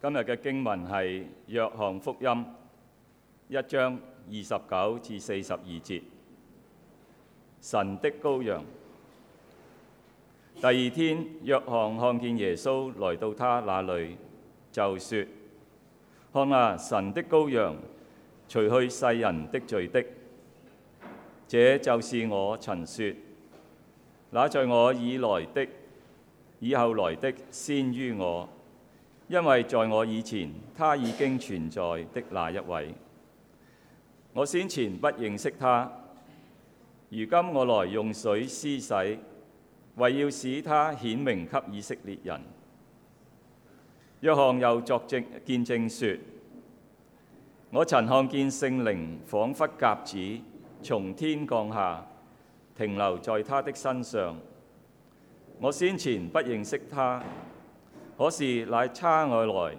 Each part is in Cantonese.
今日嘅經文係《約翰福音》一章二十九至四十二節，神的羔羊。第二天，約翰看見耶穌來到他那裡，就説：看啊，神的羔羊，除去世人的罪的。這就是我曾説，那在我以來的，以後來的，先於我。因為在我以前，他已經存在的那一位，我先前不認識他，如今我來用水施洗，為要使他顯明給以色列人。約翰又作證見證説：我曾看見聖靈彷彿鴿子從天降下，停留在他的身上。我先前不認識他。可是，那差我來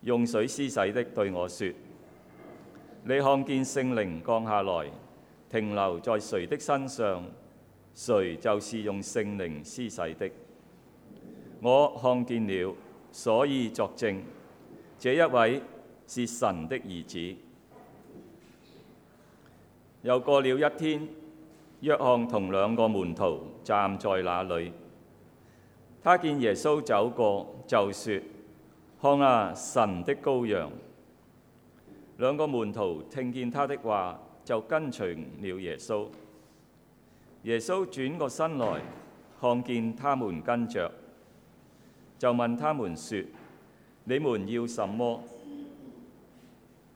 用水施洗的對我説：你看見聖靈降下來，停留在誰的身上，誰就是用聖靈施洗的。我看見了，所以作證，這一位是神的兒子。又過了一天，約翰同兩個門徒站在那裡。他見耶穌走過，就説：看啊，神的羔羊！兩個門徒聽見他的話，就跟隨了耶穌。耶穌轉過身來，看見他們跟着，就問他們説：你們要什麼？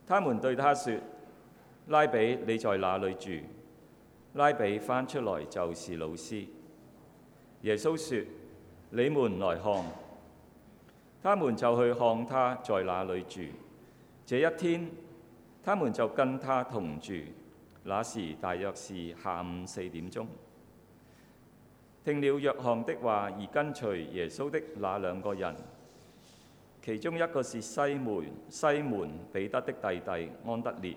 他們對他説：拉比，你在哪裏住？拉比翻出來就是老師。耶穌説：你們來看，他們就去看他在哪裏住。這一天，他們就跟他同住。那時大約是下午四點鐘。聽了約翰的話而跟隨耶穌的那兩個人，其中一個是西門，西門彼得的弟弟安德烈。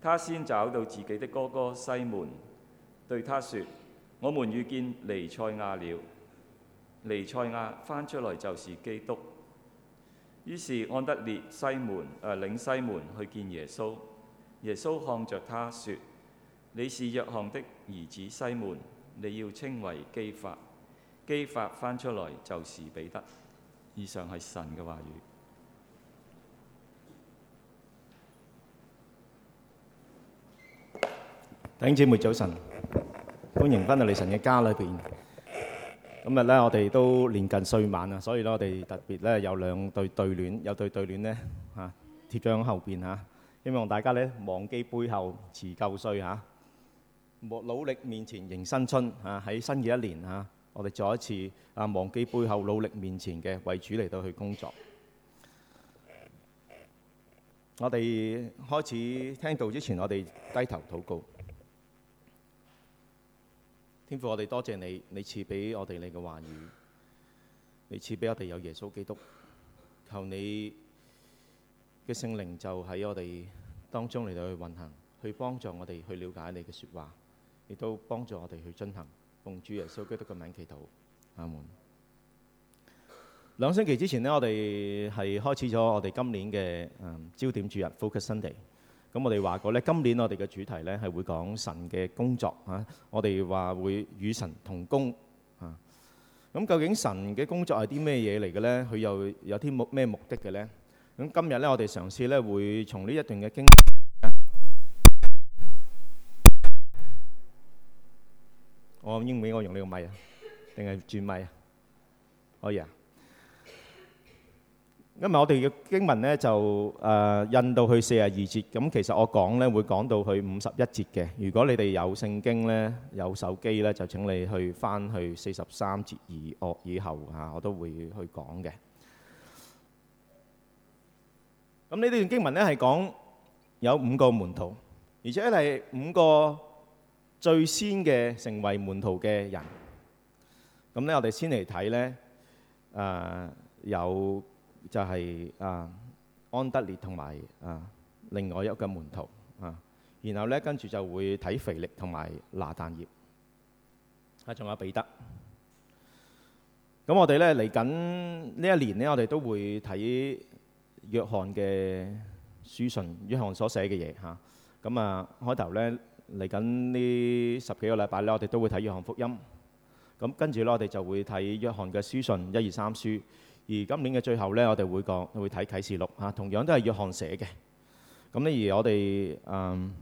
他先找到自己的哥哥西門，對他說：我們遇見尼賽亞了。彌賽亞翻出來就是基督，於是安德烈西門誒，領西門去見耶穌，耶穌看着他說：你是約翰的兒子西門，你要稱為基法。基法翻出來就是彼得。以上係神嘅話語。弟兄姐妹，早晨，歡迎翻到你神嘅家裏面。今日咧，我哋都年近歲晚啊，所以咧，我哋特別咧有兩對對聯，有對對聯咧嚇貼咗喺後邊，啊、希望大家咧忘記背後辭舊歲嚇，莫、啊、努力面前迎新春嚇。喺、啊、新嘅一年嚇，啊，我哋再一次啊忘記背後努力面前嘅為主嚟到去工作。我哋開始聽到之前，我哋低頭禱告。天父，我哋多謝你，你賜俾我哋你嘅話語，你賜俾我哋有耶穌基督，求你嘅聖靈就喺我哋當中嚟到去運行，去幫助我哋去了解你嘅說話，亦都幫助我哋去進行奉主耶穌基督嘅名祈禱。阿門。兩星期之前呢，我哋係開始咗我哋今年嘅嗯焦點主日 Focus Sunday。咁我哋話過咧，今年我哋嘅主題咧係會講神嘅工作啊！我哋話會與神同工啊！咁究竟神嘅工作係啲咩嘢嚟嘅咧？佢又有啲咩目的嘅咧？咁今日咧，我哋嘗試咧會從呢一段嘅經，我應唔應該用呢個咪啊，定係轉咪啊？可以啊？今日我哋嘅經文咧就誒印到去四十二節，咁其實我講咧會講到去五十一節嘅。如果你哋有聖經咧、有手機咧，就請你去翻去四十三節二惡以後嚇，我都會去講嘅。咁呢段經文咧係講有五個門徒，而且係五個最先嘅成為門徒嘅人。咁咧我哋先嚟睇咧誒有。就係、是、啊安德烈同埋啊另外一個門徒啊，然後咧跟住就會睇腓力同埋拿但業，啊仲有彼得。咁我哋咧嚟緊呢一年咧，我哋都會睇約翰嘅書信，約翰所寫嘅嘢嚇。咁啊，啊開頭咧嚟緊呢十幾個禮拜咧，我哋都會睇約翰福音。咁跟住咧，我哋就會睇約翰嘅書信，一二三書。而今年嘅最後呢，我哋會講會睇啟示錄啊，同樣都係約翰寫嘅。咁呢而我哋、嗯、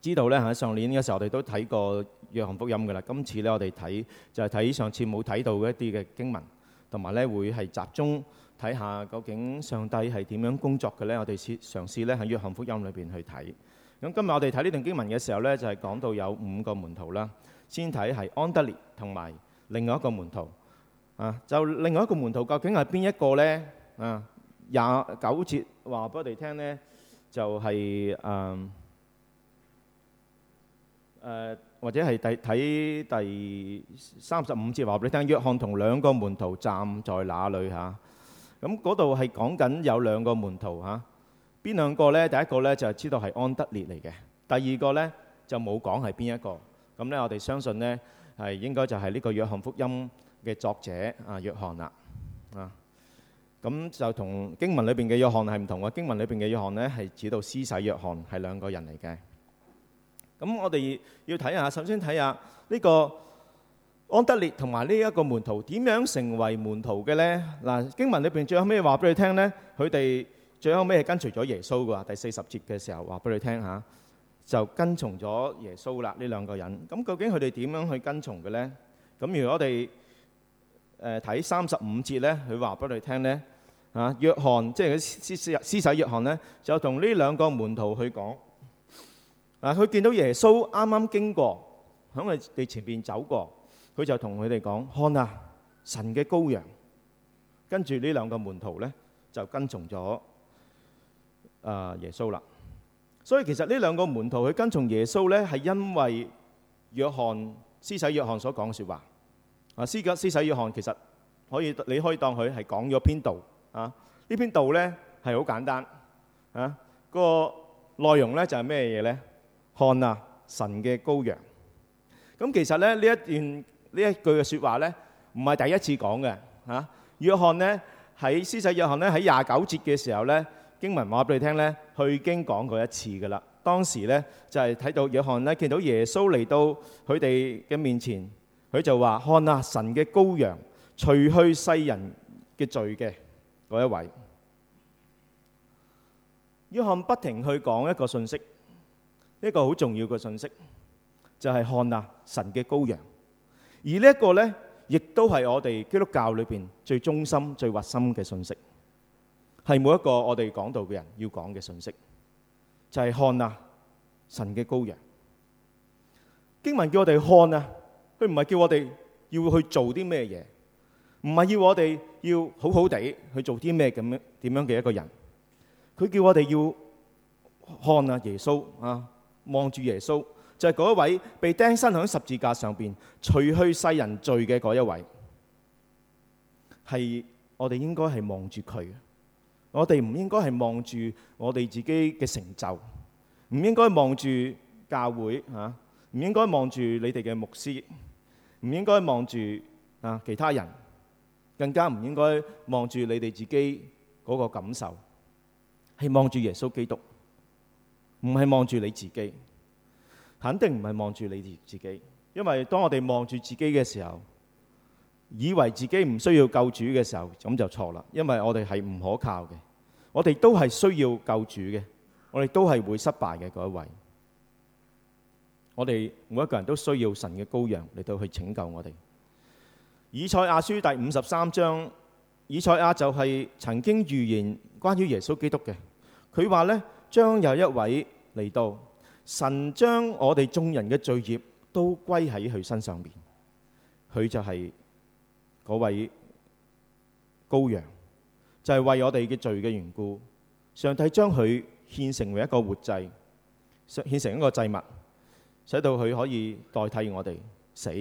知道呢，喺上年嘅時候，我哋都睇過約翰福音㗎喇。今次呢，我哋睇就係、是、睇上次冇睇到嘅一啲嘅經文，同埋呢會係集中睇下究竟上帝係點樣工作嘅呢。我哋試嘗試呢喺約翰福音裏邊去睇。咁今日我哋睇呢段經文嘅時候呢，就係講到有五個門徒啦。先睇係安德烈同埋另外一個門徒。啊！就另外一個門徒究竟係邊一個呢？啊，廿九節話俾我哋聽呢，就係誒誒，或者係第睇第三十五節話俾你聽。約翰同兩個門徒站在哪裡嚇？咁嗰度係講緊有兩個門徒嚇，邊兩個呢？第一個呢就係知道係安德烈嚟嘅，第二個呢就冇講係邊一個。咁呢，我哋相信呢係應該就係呢個約翰福音。嘅作者啊，約翰啦啊，咁就同經文裏邊嘅約翰係唔同嘅。經文裏邊嘅約翰咧，係指到施洗約翰係兩個人嚟嘅。咁我哋要睇下，首先睇下呢個安德烈同埋呢一個門徒點樣成為門徒嘅咧？嗱，經文裏邊最後尾話俾你聽咧，佢哋最後尾係跟隨咗耶穌噶。第四十節嘅時候話俾你聽下，就跟從咗耶穌啦。呢兩個人，咁究竟佢哋點樣去跟從嘅咧？咁如果我哋誒睇三十五節咧，佢話俾你聽咧嚇。約翰即係施施施洗約翰咧，就同呢兩個門徒去講。嗱，佢見到耶穌啱啱經過，喺佢哋前邊走過，佢就同佢哋講：看啊，神嘅羔羊。跟住呢兩個門徒咧，就跟從咗啊耶穌啦。所以其實呢兩個門徒去跟從耶穌咧，係因為約翰施洗約翰所講嘅説話。啊，施教施洗約翰其實可以，你可以當佢係講咗篇道啊。呢篇道咧係好簡單啊。嗰個內容咧就係咩嘢咧？看啊，神嘅羔羊。咁其實咧呢一段呢一句嘅説話咧，唔係第一次講嘅吓。約翰咧喺施洗約翰咧喺廿九節嘅時候咧，經文話俾你聽咧，佢已經講過一次㗎啦。當時咧就係睇到約翰咧見到耶穌嚟到佢哋嘅面前。佢就話看啊，神嘅羔羊，除去世人嘅罪嘅嗰一位。約翰不停去講一個信息，一個好重要嘅信息，就係看啊，神嘅羔羊。而呢一個咧，亦都係我哋基督教裏邊最中心、最核心嘅信息，係每一個我哋講道嘅人要講嘅信息，就係看啊，神嘅羔羊。經文叫我哋看啊。佢唔係叫我哋要去做啲咩嘢，唔係要我哋要好好地去做啲咩咁樣點樣嘅一個人。佢叫我哋要看啊耶穌啊，望住耶穌，就係、是、嗰一位被釘身喺十字架上面，除去世人罪嘅嗰一位。係我哋應該係望住佢，我哋唔應該係望住我哋自己嘅成就，唔應該望住教會啊，唔應該望住你哋嘅牧師。唔應該望住啊其他人，更加唔應該望住你哋自己嗰個感受，係望住耶穌基督，唔係望住你自己，肯定唔係望住你自己，因為當我哋望住自己嘅時候，以為自己唔需要救主嘅時候，咁就錯啦，因為我哋係唔可靠嘅，我哋都係需要救主嘅，我哋都係會失敗嘅嗰一位。我哋每一個人都需要神嘅羔羊嚟到去拯救我哋。以賽亞書第五十三章，以賽亞就係曾經預言關於耶穌基督嘅。佢話咧，將有一位嚟到，神將我哋眾人嘅罪孽都歸喺佢身上面。」佢就係嗰位羔羊，就係、是、為我哋嘅罪嘅緣故，上帝將佢獻成為一個活祭，獻成一個祭物。使到佢可以代替我哋死，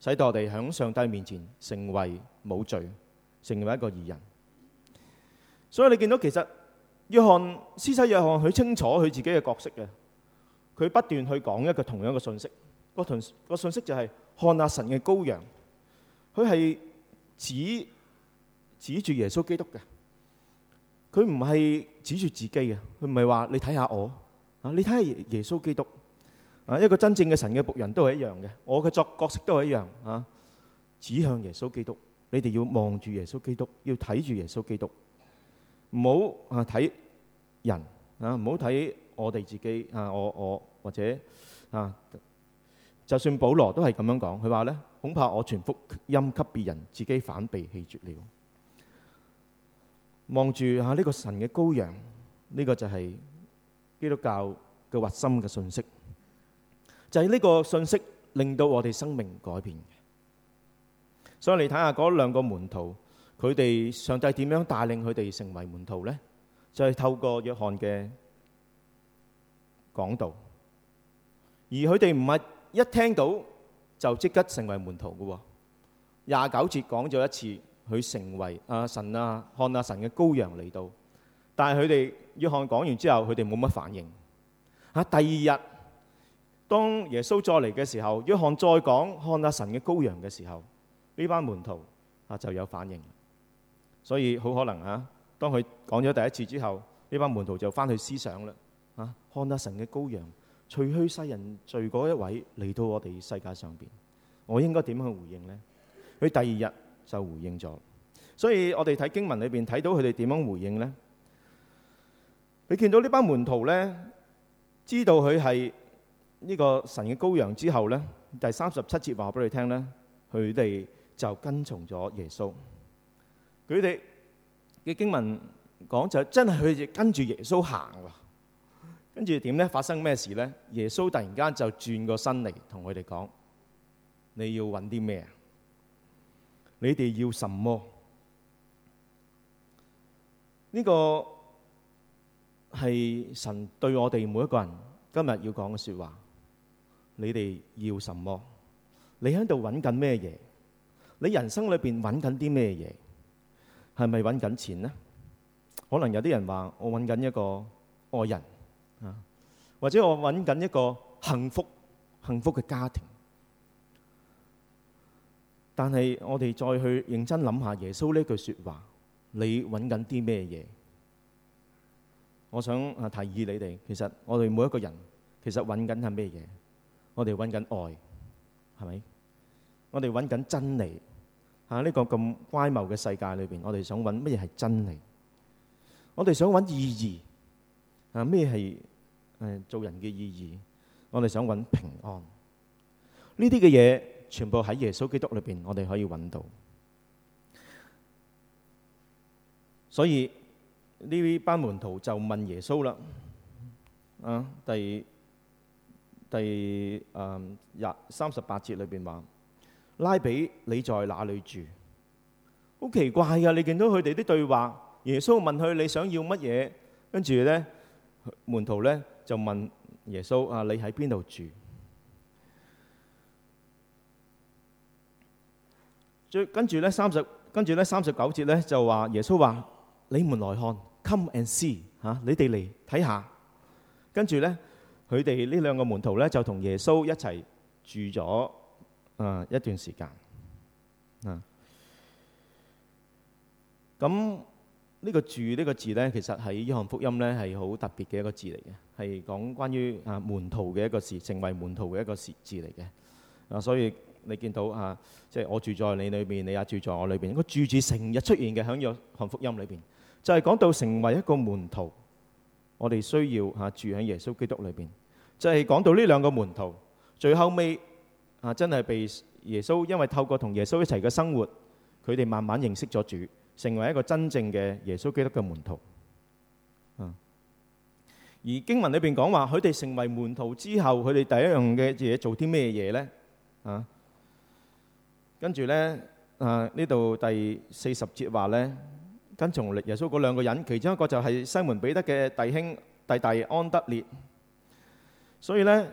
使到我哋響上帝面前成為冇罪，成為一個義人。所以你見到其實約翰施洗約翰，佢清楚佢自己嘅角色嘅。佢不斷去講一個同樣嘅信息、嗰個同、嗰個、信息就係、是、看哪神嘅羔羊，佢係指指住耶穌基督嘅。佢唔係指住自己嘅，佢唔係話你睇下我啊，你睇下耶穌基督。啊！一個真正嘅神嘅僕人都係一樣嘅，我嘅作角色都係一樣啊。指向耶穌基督，你哋要望住耶穌基督，要睇住耶穌基督，唔好啊睇人啊，唔好睇我哋自己啊。我我或者啊，就算保羅都係咁樣講，佢話咧，恐怕我傳福音給別人，自己反被棄絕了。望住啊呢個神嘅羔羊，呢、這個就係基督教嘅核心嘅信息。就係、是，呢個信息令到我哋生命改變嘅，所以你睇下嗰兩個門徒，佢哋上帝點樣帶領佢哋成為門徒呢？就係透過約翰嘅講道，而佢哋唔係一聽到就即刻成為門徒嘅喎。廿九節講咗一次佢成為阿神啊看阿、啊、神嘅羔羊嚟到，但係佢哋約翰講完之後，佢哋冇乜反應。嚇，第二日。當耶穌再嚟嘅時候，約翰再講看啊神嘅羔羊嘅時候，呢班門徒啊就有反應了，所以好可能啊，當佢講咗第一次之後，呢班門徒就翻去思想啦，啊，看啊神嘅羔羊，除去世人罪嗰一位嚟到我哋世界上邊，我應該點去回應呢？佢第二日就回應咗，所以我哋睇經文裏邊睇到佢哋點樣回應呢？你見到呢班門徒呢，知道佢係。呢個神嘅羔羊之後咧，第三十七節話俾你聽咧，佢哋就跟從咗耶穌。佢哋嘅經文講就真係佢哋跟住耶穌行喎。跟住點咧？發生咩事咧？耶穌突然間就轉個身嚟同佢哋講：你要揾啲咩？你哋要什麼？呢個係神對我哋每一個人今日要講嘅説話。你哋要什麼？你喺度揾緊咩嘢？你人生裏邊揾緊啲咩嘢？係咪揾緊錢呢？可能有啲人話我揾緊一個愛人啊，或者我揾緊一個幸福幸福嘅家庭。但係我哋再去認真諗下耶穌呢句説話：你揾緊啲咩嘢？我想啊，提議你哋其實我哋每一個人其實揾緊係咩嘢？我哋揾緊愛，係咪？我哋揾緊真理。吓，呢個咁乖謬嘅世界裏邊，我哋想揾乜嘢係真理？我哋想揾意義。吓，咩係誒做人嘅意義？我哋想揾平安。呢啲嘅嘢，全部喺耶穌基督裏邊，我哋可以揾到。所以呢啲班門徒就問耶穌啦。啊，第。第廿、嗯、三十八節裏面拉里，啊、話拉比，你在哪裏住？好奇怪啊，你見到佢哋啲對話，耶穌問佢你想要乜嘢，跟住咧門徒咧就問耶穌啊，你喺邊度住？最跟住咧三十跟住咧三十九節咧就話耶穌話你們來看 come and see，啊、你哋嚟睇下，跟住咧。佢哋呢兩個門徒呢，就同耶穌一齊住咗一段時間啊。咁呢個住呢個字呢，其實喺《約翰福音》呢，係好特別嘅一個字嚟嘅，係講關於啊門徒嘅一個事，成為門徒嘅一個字字嚟嘅。所以你見到啊，即係我住在你裏面，你也住在我裏邊。個住住成日出現嘅喺《約翰福音》裏邊，就係講到成為一個門徒。我哋需要嚇住喺耶穌基督裏邊，就係講到呢兩個門徒，最後尾啊真係被耶穌，因為透過同耶穌一齊嘅生活，佢哋慢慢認識咗主，成為一個真正嘅耶穌基督嘅門徒。而經文裏邊講話，佢哋成為門徒之後，佢哋第一樣嘅嘢做啲咩嘢呢？啊，跟住呢，啊呢度第四十節話呢。跟從力耶穌嗰兩個人，其中一個就係西門彼得嘅弟兄、弟弟安德烈。所以咧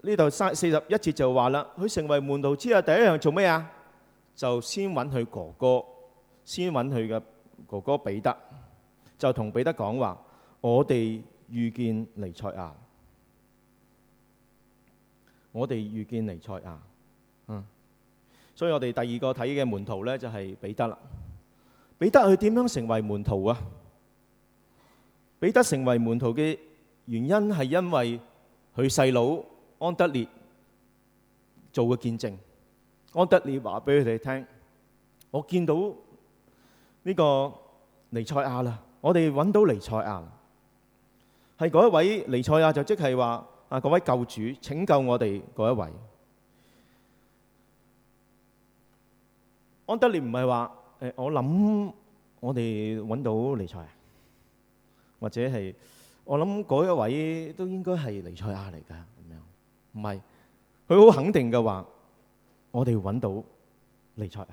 呢度三四十一節就話啦，佢成為門徒之後第一樣做咩啊？就先揾佢哥哥，先揾佢嘅哥哥彼得，就同彼得講話：我哋遇見彌賽亞，我哋遇見彌賽亞。嗯，所以我哋第二個睇嘅門徒咧就係彼得啦。彼得佢點樣成為門徒啊？彼得成為門徒嘅原因係因為佢細佬安德烈做個見證。安德烈話俾佢哋聽：我見到呢個尼賽亞啦，我哋揾到尼賽亞啦，係嗰一位尼賽亞就即係話啊，嗰位救主拯救我哋嗰一位。安德烈唔係話。誒，我諗我哋揾到彌賽亞啊，或者係我諗嗰一位都應該係彌賽亞嚟㗎，咁樣唔係佢好肯定嘅話，我哋揾到彌賽亞，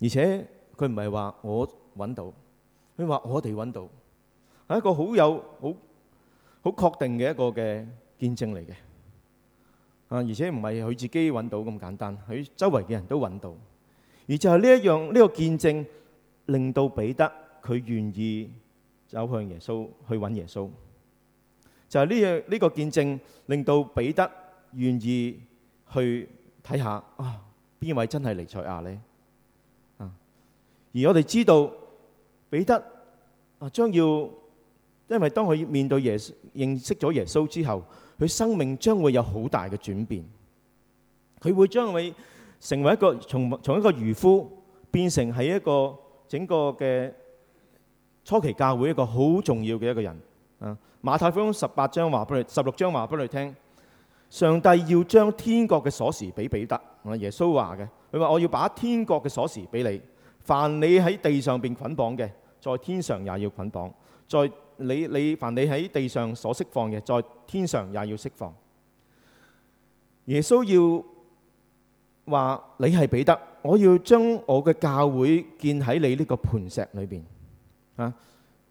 而且佢唔係話我揾到，佢話我哋揾到，係一個好有好好確定嘅一個嘅見證嚟嘅，啊，而且唔係佢自己揾到咁簡單，佢周圍嘅人都揾到。而就係呢一樣呢，呢個見證，令到彼得佢願意走向耶穌去揾耶穌。就係呢樣呢個見證，令到彼得願意去睇下啊，邊位真係彌賽亞呢？啊！而我哋知道彼得啊，將要因為當佢面對耶穌、認識咗耶穌之後，佢生命將會有好大嘅轉變。佢會將佢。成為一個從從一個漁夫變成係一個整個嘅初期教會一個好重要嘅一個人啊！馬太福音十八章話俾你，十六章話俾你聽。上帝要將天國嘅鎖匙俾彼得。耶穌話嘅，佢話我要把天國嘅鎖匙俾你。凡你喺地上邊捆綁嘅，在天上也要捆綁；在你你凡你喺地上所釋放嘅，在天上也要釋放。耶穌要。話你係彼得，我要將我嘅教會建喺你呢個磐石裏邊啊！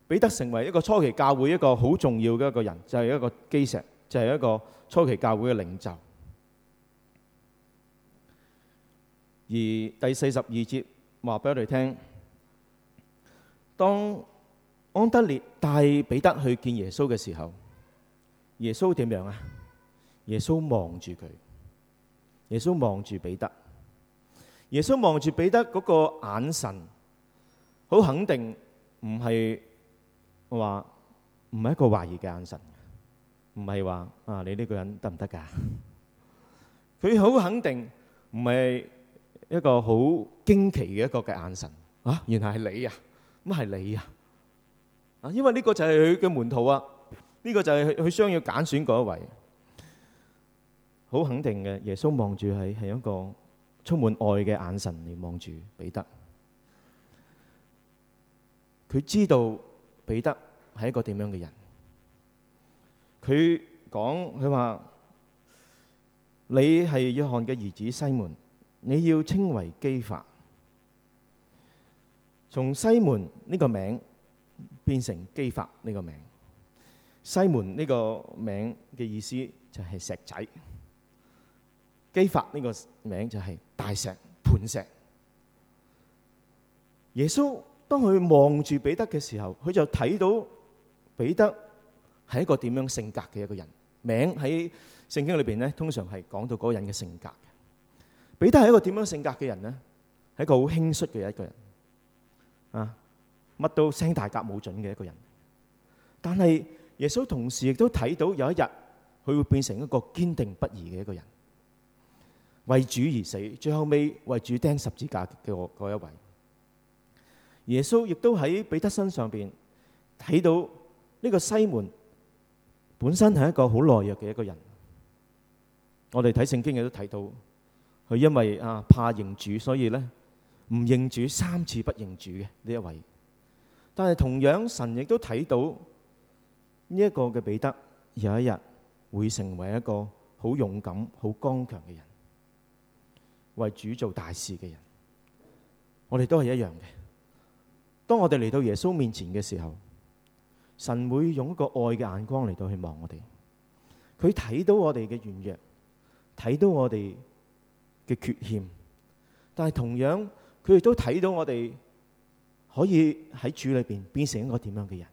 彼得成為一個初期教會一個好重要嘅一個人，就係一個基石，就係一個初期教會嘅領袖。而第四十二節話俾我哋聽：當安德烈帶彼得去見耶穌嘅時候，耶穌點樣啊？耶穌望住佢。耶穌望住彼得，耶穌望住彼得嗰個眼神，好肯定，唔係話唔係一個懷疑嘅眼神，唔係話啊你呢個人得唔得噶？佢好肯定，唔係一個好驚奇嘅一個嘅眼神。啊，原來係你啊，咁係你啊，啊，因為呢個就係佢嘅門徒啊，呢個就係佢佢想要揀選嗰一位。好肯定嘅，耶穌望住佢，係一個充滿愛嘅眼神嚟望住彼得。佢知道彼得係一個點樣嘅人。佢講佢話：你係約翰嘅兒子西門，你要稱為基法。從西門呢個名變成基法呢個名。西門呢個名嘅意思就係石仔。磯法呢個名就係大石盤石。耶穌當佢望住彼得嘅時候，佢就睇到彼得係一個點樣性格嘅一個人。名喺聖經裏邊咧，通常係講到嗰個人嘅性格。彼得係一個點樣性格嘅人呢？係一個好輕率嘅一個人啊！乜都聲大格冇準嘅一個人。但係耶穌同時亦都睇到有一日佢會變成一個堅定不移嘅一個人。為主而死，最後尾為主釘十字架嘅嗰一位，耶穌亦都喺彼得身上邊睇到呢個西門本身係一個好懦弱嘅一個人。我哋睇聖經亦都睇到，佢因為啊怕認主，所以呢唔認主三次不認主嘅呢一位。但係同樣神亦都睇到呢一個嘅彼得有一日會成為一個好勇敢、好剛強嘅人。為主做大事嘅人，我哋都係一樣嘅。當我哋嚟到耶穌面前嘅時候，神會用一個愛嘅眼光嚟到去望我哋。佢睇到我哋嘅軟弱，睇到我哋嘅缺欠，但係同樣佢亦都睇到我哋可以喺主裏邊變成一個點樣嘅人，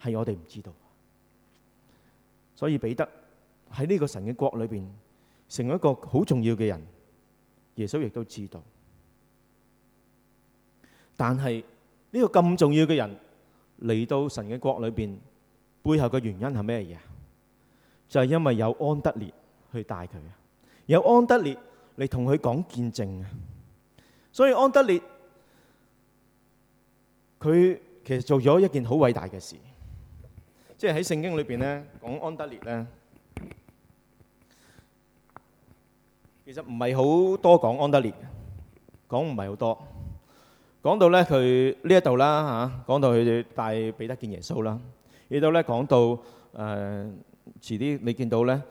係我哋唔知道。所以彼得喺呢個神嘅國裏邊，成為一個好重要嘅人。耶穌亦都知道，但係呢個咁重要嘅人嚟到神嘅國裏邊，背後嘅原因係咩嘢？就係因為有安德烈去帶佢，有安德烈嚟同佢講見證啊！所以安德烈佢其實做咗一件好偉大嘅事，即係喺聖經裏邊咧講安德烈咧。其實唔係好多講安德烈，講唔係好多。講到咧佢呢一度啦嚇，講到佢哋帶彼得見耶穌啦，亦都咧講到誒遲啲你見到咧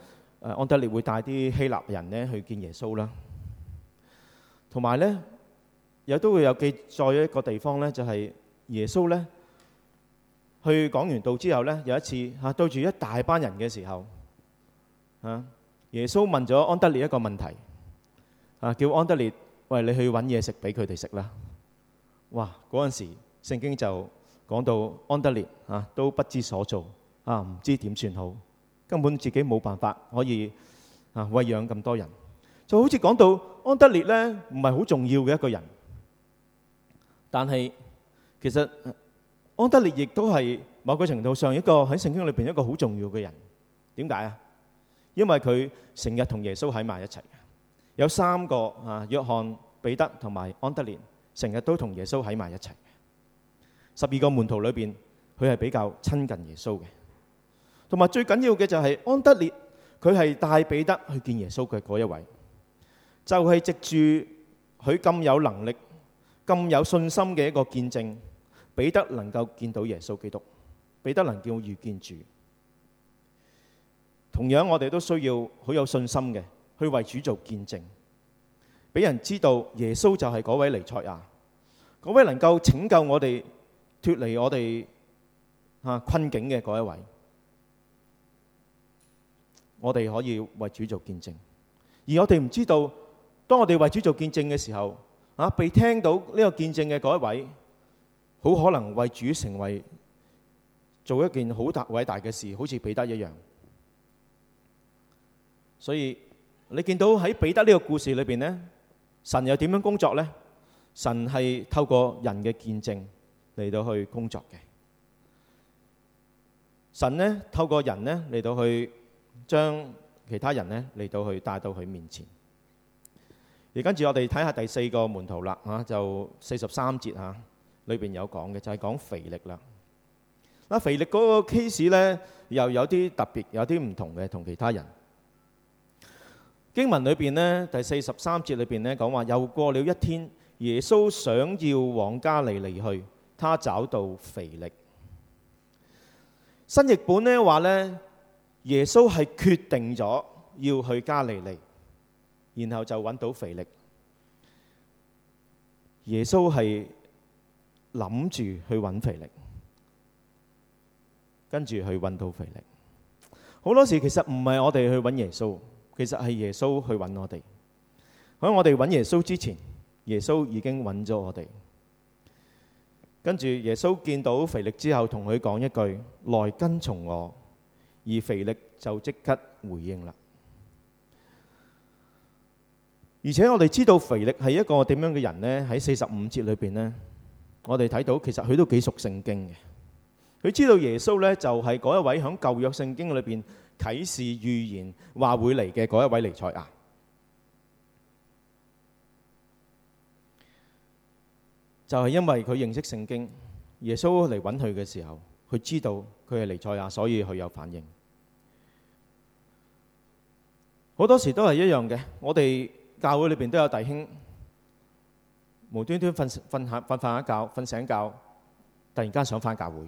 誒安德烈會帶啲希臘人咧去見耶穌啦。同埋咧，有都會有記載一個地方咧，就係耶穌咧去講完道之後咧，有一次嚇對住一大班人嘅時候嚇，耶穌問咗安德烈一個問題。啊！叫安德烈，喂，你去揾嘢食俾佢哋食啦。哇！嗰陣時，聖經就講到安德烈啊，都不知所措啊，唔知點算好，根本自己冇辦法可以啊餵養咁多人。就好似講到安德烈呢，唔係好重要嘅一個人，但係其實，啊、安德烈亦都係某個程度上一個喺聖經裏邊一個好重要嘅人。點解啊？因為佢成日同耶穌喺埋一齊。有三個啊，約翰、彼得同埋安德烈，成日都同耶穌喺埋一齊。十二個門徒裏邊，佢係比較親近耶穌嘅，同埋最緊要嘅就係安德烈，佢係帶彼得去見耶穌嘅嗰一位，就係藉住佢咁有能力、咁有信心嘅一個見證，彼得能夠見到耶穌基督，彼得能夠遇見主。同樣，我哋都需要好有信心嘅，去為主做見證，俾人知道耶穌就係嗰位彌賽亞，嗰位能夠拯救我哋脫離我哋，啊、困境嘅嗰一位，我哋可以為主做見證。而我哋唔知道，當我哋為主做見證嘅時候，啊，被聽到呢個見證嘅嗰一位，好可能為主成為做一件好大偉大嘅事，好似彼得一樣。所以。你見到喺彼得呢個故事裏邊呢，神又點樣工作呢？神係透過人嘅見證嚟到去工作嘅。神呢，透過人呢嚟到去將其他人呢嚟到去帶到佢面前。而跟住我哋睇下第四個門徒啦，嚇就四十三節嚇，裏邊有講嘅就係、是、講腓力啦。嗱，腓力嗰個 case 呢，又有啲特別，有啲唔同嘅同其他人。經文裏邊呢，第四十三節裏邊呢，講話，又過了一天，耶穌想要往加利利去，他找到腓力。新譯本呢話呢，耶穌係決定咗要去加利利，然後就揾到腓力。耶穌係諗住去揾腓力，跟住去揾到腓力。好多時其實唔係我哋去揾耶穌。其實係耶穌去揾我哋，喺我哋揾耶穌之前，耶穌已經揾咗我哋。跟住，耶穌見到腓力之後，同佢講一句：來跟從我。而腓力就即刻回應啦。而且我哋知道腓力係一個點樣嘅人呢？喺四十五節裏邊呢，我哋睇到其實佢都幾熟聖經嘅。佢知道耶穌呢，就係嗰一位喺舊約聖經裏邊。啟示預言話會嚟嘅嗰一位彌賽亞，就係因為佢認識聖經，耶穌嚟揾佢嘅時候，佢知道佢係彌賽亞，所以佢有反應。好多時都係一樣嘅，我哋教會裏邊都有弟兄無端端瞓瞓下瞓瞓下覺，瞓醒覺，突然間想返教會，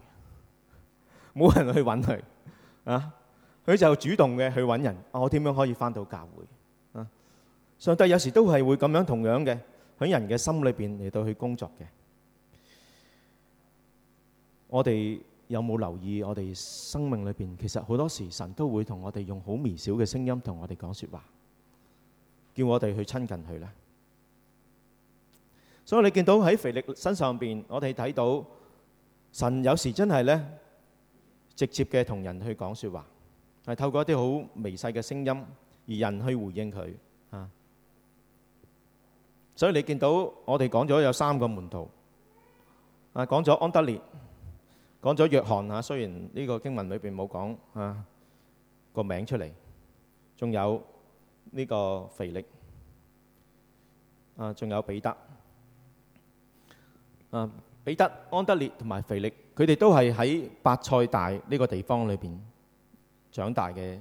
冇人去揾佢啊！佢就主動嘅去揾人。啊、我點樣可以翻到教會啊？上帝有時都係會咁樣同樣嘅喺人嘅心裏面嚟到去工作嘅。我哋有冇留意我哋生命裏面其實好多時神都會同我哋用好微小嘅聲音同我哋講說話，叫我哋去親近佢呢？所以你見到喺腓力身上面，我哋睇到神有時真係呢，直接嘅同人去講説話。係透過一啲好微細嘅聲音而人去回應佢啊，所以你見到我哋講咗有三個門徒啊，講咗安德烈，講咗約翰啊，雖然呢個經文裏邊冇講啊個名出嚟，仲有呢個腓力啊，仲有彼得啊，彼得、安德烈同埋腓力，佢哋都係喺伯賽大呢個地方裏邊。長大嘅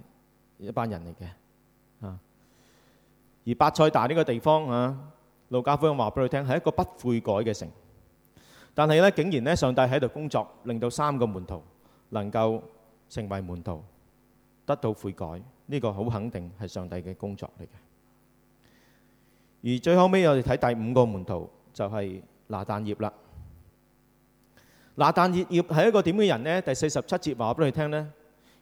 一班人嚟嘅。啊、而伯賽大呢個地方啊，路加福音話俾你聽係一個不悔改嘅城，但係呢，竟然呢，上帝喺度工作，令到三個門徒能夠成為門徒，得到悔改，呢、這個好肯定係上帝嘅工作嚟嘅。而最後尾我哋睇第五個門徒就係、是、拿但業啦。拿但業業係一個點嘅人呢？第四十七節話俾你聽呢。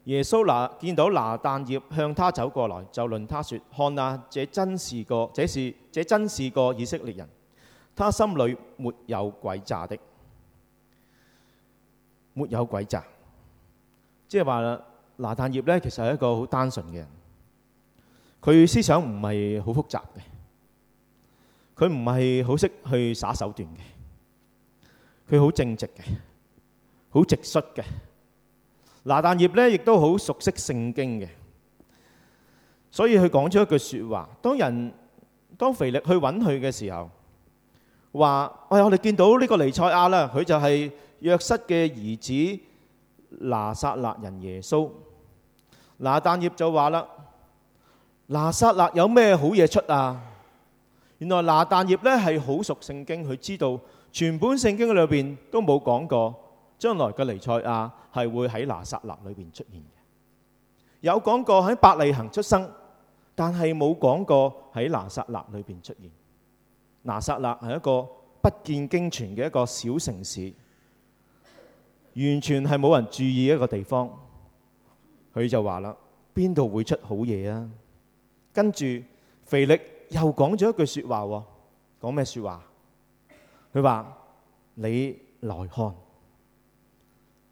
耶穌拿見到拿但業向他走過來，就論他說：看啊，這真是個，這是這真是個以色列人，他心裏沒有詭詐的，沒有詭詐。即係話啦，拿但業呢其實係一個好單純嘅人，佢思想唔係好複雜嘅，佢唔係好識去耍手段嘅，佢好正直嘅，好直率嘅。拿但葉咧，亦都好熟悉聖經嘅，所以佢講咗一句說話。當人當腓力去揾佢嘅時候，話：哎我哋見到呢個尼賽亞啦，佢就係約瑟嘅兒子拿撒勒人耶穌。拿但葉就話啦：拿撒勒有咩好嘢出啊？原來拿但葉咧係好熟聖經，佢知道全本聖經裏邊都冇講過。將來嘅彌賽亞係會喺拿撒勒裏邊出現嘅，有講過喺伯利恆出生，但係冇講過喺拿撒勒裏邊出現。拿撒勒係一個不見經傳嘅一個小城市，完全係冇人注意一個地方。佢就話啦：邊度會出好嘢啊？跟住腓力又講咗一句説話喎，講咩説話？佢話他說：你來看。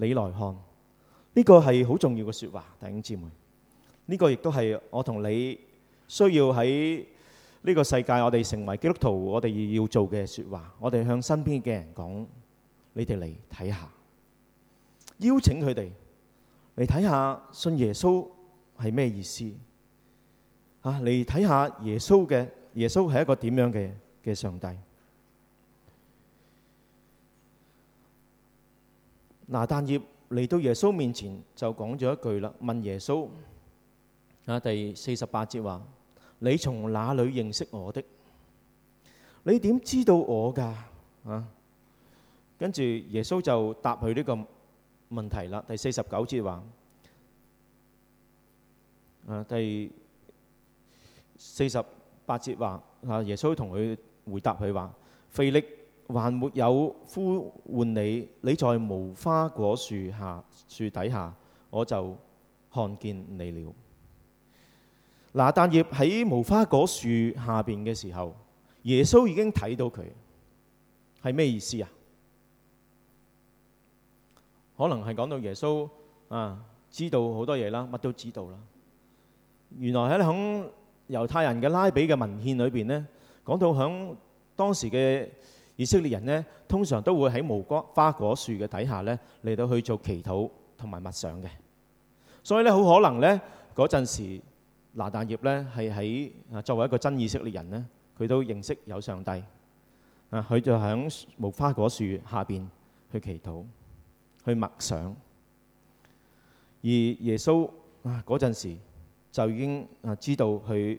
你來看呢個係好重要嘅說話，弟兄姊妹，呢個亦都係我同你需要喺呢個世界，我哋成為基督徒，我哋要做嘅說話，我哋向身邊嘅人講，你哋嚟睇下，邀請佢哋嚟睇下信耶穌係咩意思，吓嚟睇下耶穌嘅耶穌係一個點樣嘅嘅上帝。拿但業嚟到耶穌面前就講咗一句啦，問耶穌啊第四十八節話：你從哪裏認識我的？你點知道我㗎？啊，跟住耶穌就答佢呢個問題啦。第四十九節話，啊第四十八節話，啊耶穌同佢回答佢話：腓力。還沒有呼喚你，你在無花果樹下樹底下，我就看見你了。拿但業喺無花果樹下邊嘅時候，耶穌已經睇到佢，係咩意思啊？可能係講到耶穌啊，知道好多嘢啦，乜都知道啦。原來喺響猶太人嘅拉比嘅文獻裏邊呢，講到響當時嘅，以色列人呢，通常都會喺無花果樹嘅底下呢嚟到去做祈禱同埋默想嘅，所以呢，好可能呢嗰陣時拿但業呢係喺作為一個真以色列人呢，佢都認識有上帝，佢就喺無花果樹下邊去祈禱去默想，而耶穌啊嗰陣時就已經知道佢。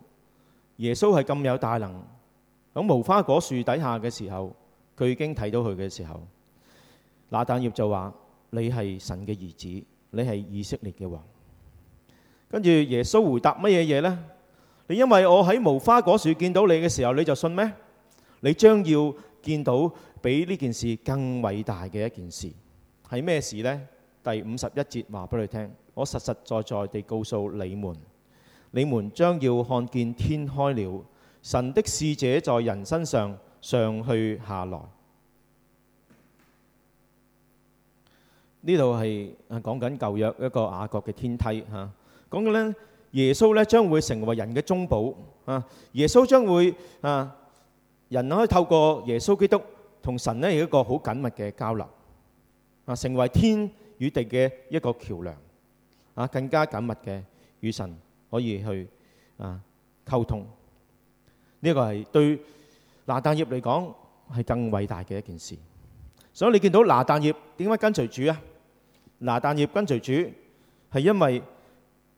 耶穌係咁有大能，喺無花果樹底下嘅時候，佢已經睇到佢嘅時候，拿但業就話：你係神嘅兒子，你係以色列嘅王。跟住耶穌回答乜嘢嘢呢？你因為我喺無花果樹見到你嘅時候，你就信咩？你將要見到比呢件事更偉大嘅一件事，係咩事呢？第五十一節話俾你聽，我實實在在地告訴你們。你們將要看見天開了，神的使者在人身上上去下來。呢度係講緊舊約一個雅各嘅天梯嚇。講緊呢，耶穌咧將會成為人嘅中保啊。耶穌將會啊，人可以透過耶穌基督同神咧有一個好緊密嘅交流啊，成為天與地嘅一個橋梁啊，更加緊密嘅與神。可以去啊溝通，呢個係對拿但業嚟講係更偉大嘅一件事。所以你見到拿但業點解跟隨主啊？拿但業跟隨主係因為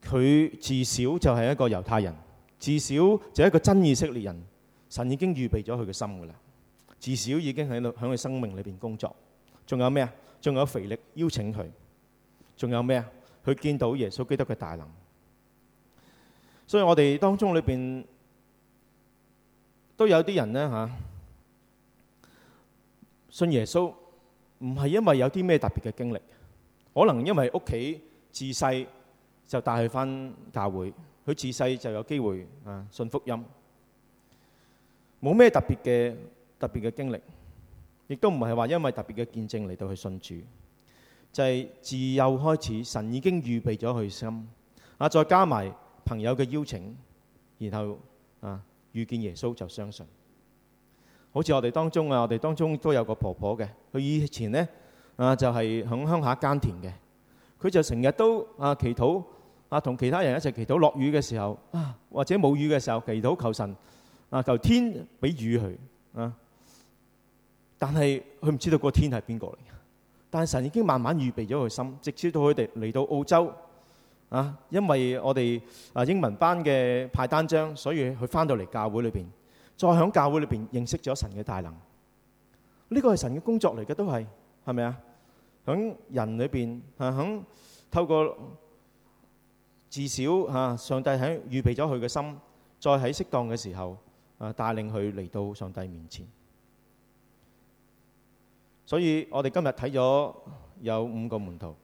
佢自小就係一個猶太人，自小就係一個真以色列人。神已經預備咗佢嘅心㗎啦，自小已經喺度喺佢生命裏邊工作。仲有咩啊？仲有腓力邀請佢。仲有咩啊？佢見到耶穌基督嘅大能。所以我哋當中裏邊都有啲人呢，嚇，信耶穌，唔係因為有啲咩特別嘅經歷，可能因為屋企自細就帶佢返教會，佢自細就有機會啊信福音，冇咩特別嘅特別嘅經歷，亦都唔係話因為特別嘅見證嚟到去信主，就係自幼開始神已經預備咗佢心啊，再加埋朋友嘅邀請，然後啊遇見耶穌就相信。好似我哋當中啊，我哋當中都有個婆婆嘅，佢以前呢啊就係響鄉下耕田嘅，佢就成日都啊祈禱啊同其他人一齊祈禱，落雨嘅時候啊或者冇雨嘅時候，祈禱求神啊求天俾雨佢啊，但係佢唔知道個天係邊個嚟嘅，但係神已經慢慢預備咗佢心，直至到佢哋嚟到澳洲。啊！因為我哋啊英文班嘅派單張，所以佢翻到嚟教會裏邊，再響教會裏邊認識咗神嘅大能。呢個係神嘅工作嚟嘅，都係係咪啊？響人裏邊啊，響透過至少啊，上帝喺預備咗佢嘅心，再喺適當嘅時候啊，帶領佢嚟到上帝面前。所以我哋今日睇咗有五個門徒，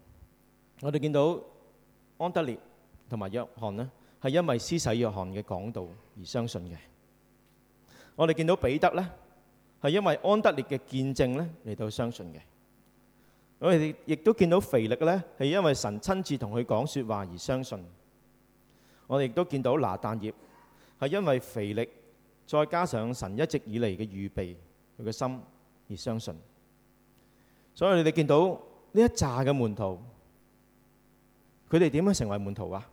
我哋見到。安德烈同埋約翰呢，係因為施洗約翰嘅講道而相信嘅。我哋見到彼得呢，係因為安德烈嘅見證呢，嚟到相信嘅。我哋亦都見到腓力呢，係因為神親自同佢講說話而相信。我哋亦都見到拿但業，係因為腓力再加上神一直以嚟嘅預備佢嘅心而相信。所以你哋見到呢一紮嘅門徒。佢哋點樣成為門徒啊？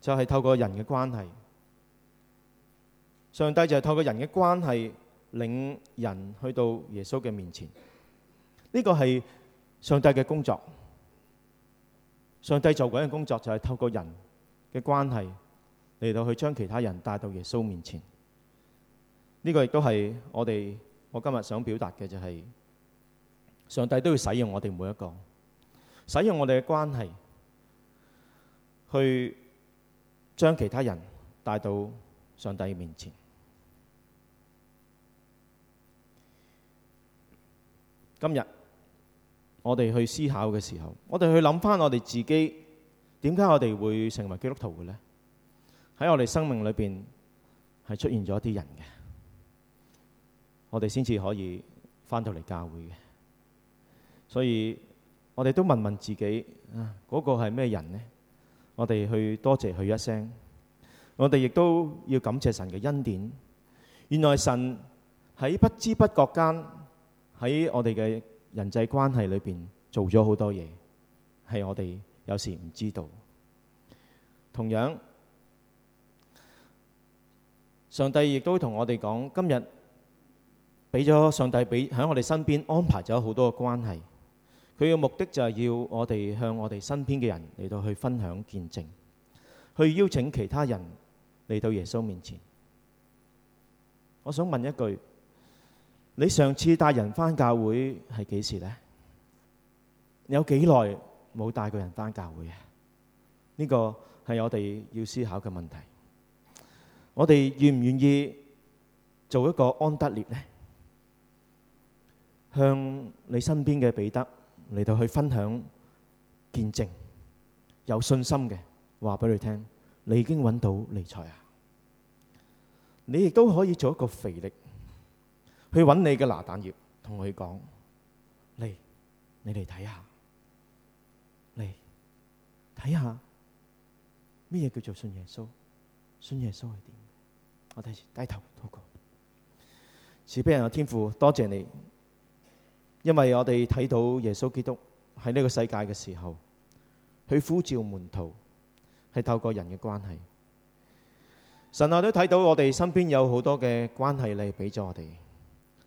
就係透過人嘅關係，上帝就係透過人嘅關係，領人去到耶穌嘅面前。呢個係上帝嘅工作。上帝做嗰樣工作就係透過人嘅關係嚟到去將其他人帶到耶穌面前。呢個亦都係我哋我今日想表達嘅就係，上帝都要使用我哋每一個，使用我哋嘅關係。去將其他人帶到上帝面前。今日我哋去思考嘅時候，我哋去諗翻我哋自己點解我哋會成為基督徒嘅咧？喺我哋生命裏面係出現咗一啲人嘅，我哋先至可以翻到嚟教會嘅。所以我哋都問問自己啊，嗰個係咩人呢？我哋去多謝佢一聲，我哋亦都要感謝神嘅恩典。原來神喺不知不覺間，喺我哋嘅人際關係裏邊做咗好多嘢，係我哋有時唔知道。同樣，上帝亦都同我哋講，今日俾咗上帝俾喺我哋身邊安排咗好多嘅關係。佢嘅目的就係要我哋向我哋身邊嘅人嚟到去分享見證，去邀請其他人嚟到耶穌面前。我想問一句：你上次帶人返教會係幾時呢？有幾耐冇帶過人返教會啊？呢個係我哋要思考嘅問題。我哋願唔願意做一個安德烈呢？向你身邊嘅彼得。嚟到去分享見證，有信心嘅話俾佢聽，你已經揾到理財啊！你亦都可以做一個腓力去揾你嘅拿但業，同佢講嚟，你嚟睇下，嚟睇下咩嘢叫做信耶穌？信耶穌係點？我睇住低頭禱告，慈悲嘅天父，多謝你。因為我哋睇到耶穌基督喺呢個世界嘅時候，佢呼召門徒係透過人嘅關係。神啊，都睇到我哋身邊有好多嘅關係嚟俾咗我哋。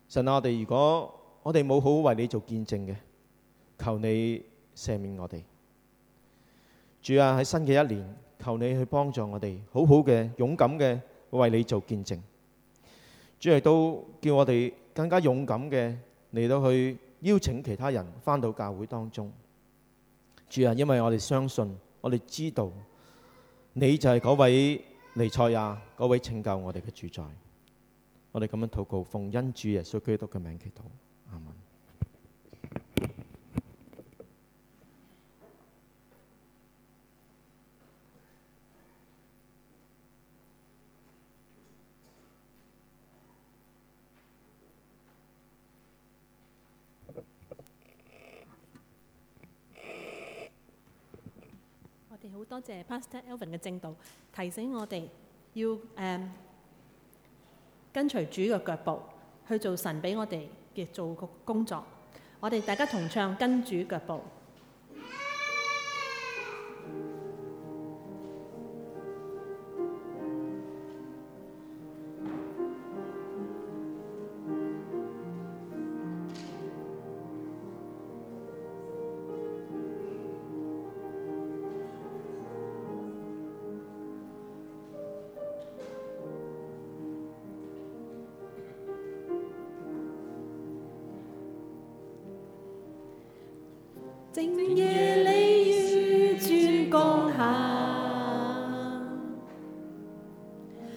神啊，我哋如果我哋冇好好為你做見證嘅，求你赦免我哋。主啊，喺新嘅一年，求你去幫助我哋，好好嘅勇敢嘅為你做見證。主啊，都叫我哋更加勇敢嘅嚟到去。邀請其他人返到教會當中，主啊，因為我哋相信，我哋知道，你就係嗰位彌賽亞，嗰位拯救我哋嘅主宰。我哋咁樣禱告，奉恩主耶穌基督嘅名祈禱。Pastor Alvin 嘅正道提醒我哋要誒、um, 跟隨主嘅腳步去做神俾我哋嘅做個工作。我哋大家同唱，跟主腳步。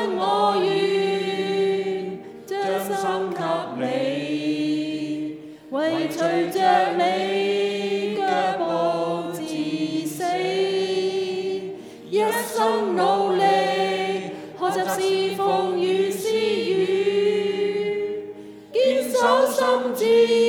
我願將心給你，為隨着你腳步至死，一生努力，學習侍奉雨，雨、侍雨，堅守心志。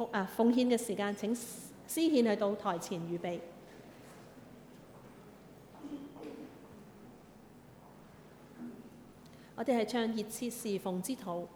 奉啊，奉獻嘅時間，請司獻去到台前預備。我哋係唱熱切侍奉之土。